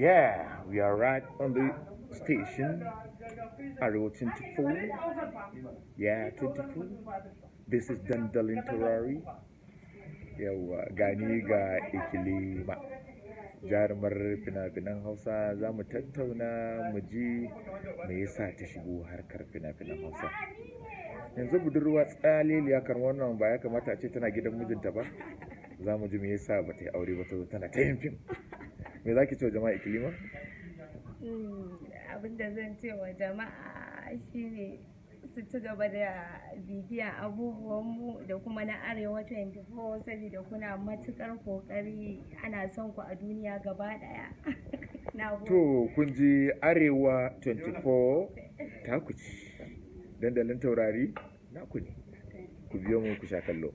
Yeah, we are right on the station. Arrow 24. Yeah, 24. This is Dandalin Yeah, Yawa, gani ga ikilima. Jarumar fina-finan Hausa za mu tattauna mu ji me yasa ta shigo harkar fina-finan Hausa. Yanzu budurwa tsaliliya kan wannan ba ya kamata a ce tana gidan mijinta ba. Za mu ji me yasa ba ta yi aure ba ta tana ta me za ki ce wa jama'a ikilima mm, abin da zan ce wa jama'a shine su ci gaba da bibiyan abubuwanmu da kuma na arewa 24 saboda kuna matukar kokari ana son ku a duniya gaba daya to kun ji arewa 24 ta ku ci dandalin taurari na ku ne ku biyo mu ku sha kallo